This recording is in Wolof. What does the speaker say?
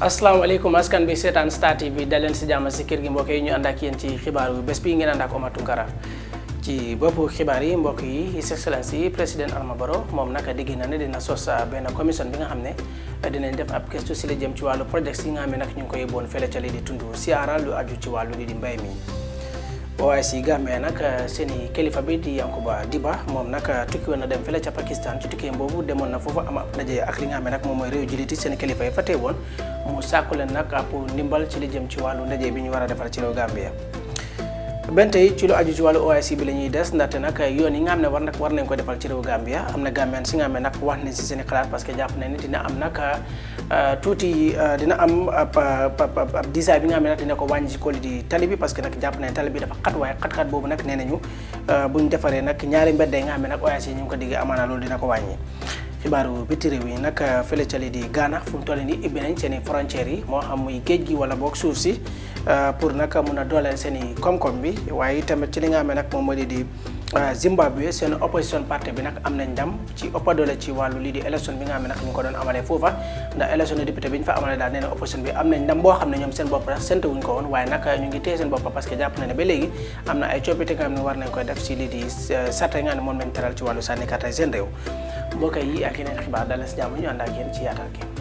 asalaamaaleykum askan bi seetaan Star TV bi daleen si jàmm si kër gi mbokk yi ñu ànd ak ci xibaar yu bés bi ngeen ànd ak Omar Tunkara ci boppu xibaar yi mbokk yi His Excellency yi président Adama Barrow moom naka digg na ne dina sos ah, benn commission bi nga xam ne dinañ def ab gëstu si la jëm ci wàllu projets yi nga xam ne nag ñu ngi koy boon fële ca li di tund si aaral lu aju ci wàllu li di mbay mii OIC Gambia nag eh, seen seeni kilifa bi di Yankuba Diba moom nag eh, tukki woon na dem fële ca Pakistan ci tukkeem boobu demoon na foofu am ab daje ak li nga xam ne nag moom mooy réew jiliti seen kilifa yi fa teewoon mu sàkku leen nag ab ndimbal ci li jëm ci wàllu ndaje bi ñu war a defar ci réew Gambia benn tey ci lu aju ci wàllu OIC bi la ñuy des ndaxte nag yoon yi nga xam ne war nag war nañ ko defal ci réew Gambia am na Gambian si nga xam ne nag wax nañ si seen i xalaat parce que dina am nag euh, tuuti euh, dina am ab ab design bi nga xam ne nag dina ko wàññi ci di tali bi parce que nag jàpp nañ tali bi dafa xat waaye xat-xat boobu nag nee nañu euh, defaree nag ñaari mbedd yi nga xam ne nag OIC ñu ngi ko diggee amaana loolu dina ko wàññi. xibaaru biti réew yi nag fële ca li di Ghana fu mu toll nii ibbi nañ seen i yi moo xam muy géej gi wala boog suuf si Euh, pour nag mun a doole seen i koom-koom bi waaye tamit ci li nga xam ne nag moom moo di di euh, Zimbabwe seen opposition parti bi nag am nag na opposition bi am nañ ndam boo xam ne ñoom seen bopp sax séntu wuñ ko woon waaye nag ñu ngi téye seen bopp parce que jàpp na ne ba léegi am na ay coppite nga xam ne war nañ koy def si lii di sarta euh, nga xam seen réew mbokk yi ak yeneen xibaar daal la ñu ànd ak yéen ci yaatal gi